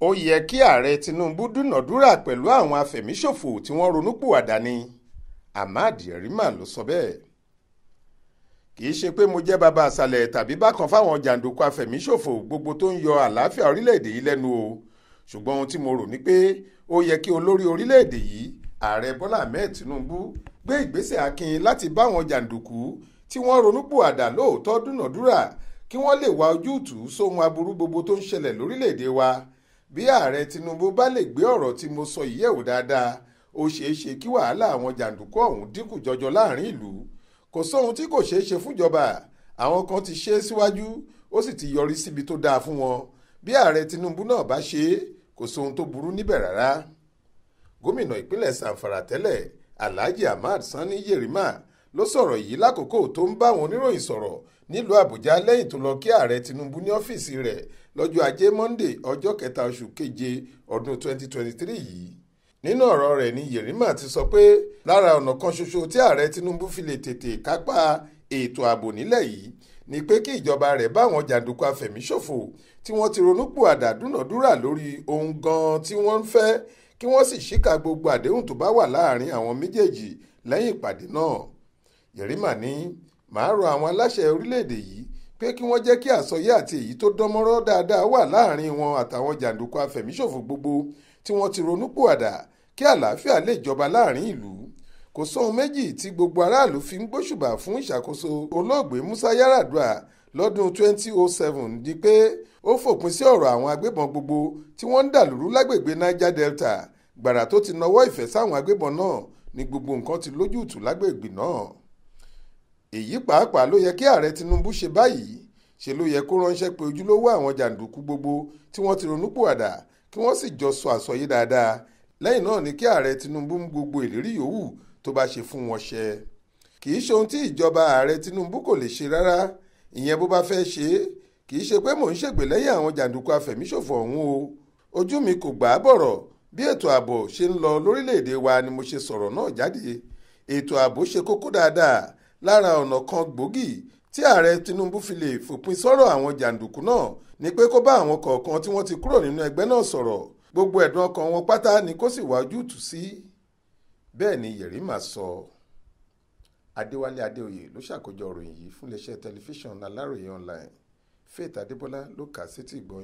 ó yẹ kí ààrẹ tinubu dúnàdúrà pẹ̀lú àwọn afẹ̀míṣòfò tí wọ́n ronúpìwàdà ni ahmad yerima ló sọ bẹ́ẹ̀ kì í ṣe pé mo jẹ́ bàbá àṣàlẹ̀ tàbí bákan fáwọn jàǹdùkú afẹ̀míṣòfò gbogbo tó ń yọ àlàáfíà orílẹ̀-èdè yìí lẹ́nu o ṣùgbọ́n ohun tí mo rò ni pé ó yẹ kí olórí orílẹ̀-èdè yìí ààrẹ bọ́lá ahmed tinubu gbé ìgbésẹ̀ akin láti báwọn jàǹdùkú tí wọ́n ronúpìwàdà lóòótọ́ dúnàdúrà kí wọ́n lè wá ojútùú sóhun aburú gbogbo tó ń ṣẹlẹ̀ lórílẹ̀-èdè wa bí ààrẹ Tinubu bá lè gbé ọ̀rọ̀ tí mo sọ yìí yẹ̀wò dáadáa ó ṣeé ṣe kí wàhálà àwọn jàǹdùkú ọ̀hún dínkù jọjọ láàrin ìlú kò sóhun tí kò ṣeé ṣe fúnjọba àwọn kan ti ṣe é síwájú ó sì ti yọrí síbi tó dáa fún wọn bí ààrẹ Tinubu náà bá ṣe é kò sóhun tó burú níbẹ̀ rárá gómìnà ìpínlẹ̀ Zamfara tẹ́lẹ̀ Alhaji Ahmad Sani Yerima ló sọ̀rọ̀ yìí lákòókò tó ń bá àwọn oníròyìn sọ̀rọ̀ nílùú àbújá lẹ́yìn tó lọ kí ààrẹ tinubu ní ọ́fíìsì rẹ̀ lọ́jọ́ ajé monde ọjọ́ kẹta oṣù keje ọdún 2023 yìí nínú ọ̀rọ̀ rẹ̀ ni yerima ti sọ pé lára ọ̀nà kan ṣoṣo tí ààrẹ tinubu fi lè tètè kápá ètò ààbò nílẹ̀ yìí ni pé kí ìjọba rẹ̀ bá àwọn jàǹdùkú afẹ̀míṣòfò tí wọ́n ti ronúpìwàdà dúnàdúrà lórí ohun gan-an tí wọ́n ń fẹ́ kí wọ́n sì ṣíkà gbogbo àdéhùn tó bá wà láàrin àwọn méjèèjì lẹ́yìn ìpàdé náà Yerima ní màá rọ àwọn aláṣẹ orílẹ̀-èdè yìí pé kí wọ́n jẹ́ kí àsọyé àti èyí tó dánmọ́rọ́ dáadáa wà láàrin wọn àtàwọn jàǹdùkú afẹ̀míṣòfò gbogbo tí wọ́n ti ronúpìwàdà kí àlàáfíà lè jọba láàrin ìlú kò sóhun méjì tí gbogbo aráàlú fi ń gbóṣùbà fún ìṣàkóso olóògbé Musa Yar'Adua lọ́dún 2007 di pé ó fòpin sí ọ̀rọ̀ àwọn agbébọn gbogbo tí wọ́n ń dàlúrú lágbègbè Niger Delta gbàrà tó ti nawọ́ ìfẹ́ sáwọn agbébọn náà ni gbogbo nǹkan ti lójútùú lágbègbè náà èyí pàápàá ló yẹ kí ààrẹ tinubu ṣe báyìí ṣe ló yẹ kó ránṣẹ́ pé ojúlówó àwọn jàǹdùkú gbogbo tí wọ́n ti ronúpìwàdà kí wọ́n sì jọ sọ àsọyé dáadáa lẹ́yìn náà ni kí ààrẹ tinubu mú gbogbo ìlérí yòówù tó bá ṣe fún wọn ṣẹ kì í ṣe ohun tí ìjọba ààrẹ tinubu kò lè ṣe rárá ìyẹn bó bá fẹ́ ṣe é kì í ṣe pé mò ń ṣègbè lẹ́yìn àwọn jàǹdùkú afẹ̀míṣòfò ọ̀hún o ojú mi kò gbà á bọ̀rọ̀ bí ètò ààbò ṣe ń lọ lórílẹ̀‐èdè wa ni mo ṣe sọ̀rọ̀ náà jáde ètò ààbò ṣe kókó dáadáa lára ọ̀nà kan gbòógì tí ààrẹ Tinubu fi lè fòpin sọ́rọ̀ àwọn jàǹdùkú náà ni pé kó bá àwọn kọ̀ọ̀kan tí wọ́n ti kúrò nínú ẹgbẹ́ náà sọ̀rọ̀ gbogbo ẹ̀dùn ọkàn wọn pátá ni kó sì wá ojútùú sí bẹ́ẹ̀ ni Yerima sọ Adéwálé Adéoyè ló ṣàkójọ ìròyìn yìí fún iléeṣẹ́ tẹlifíṣàn Aláròye online Faith Adébọlá ló kà á sétí ìgbọ́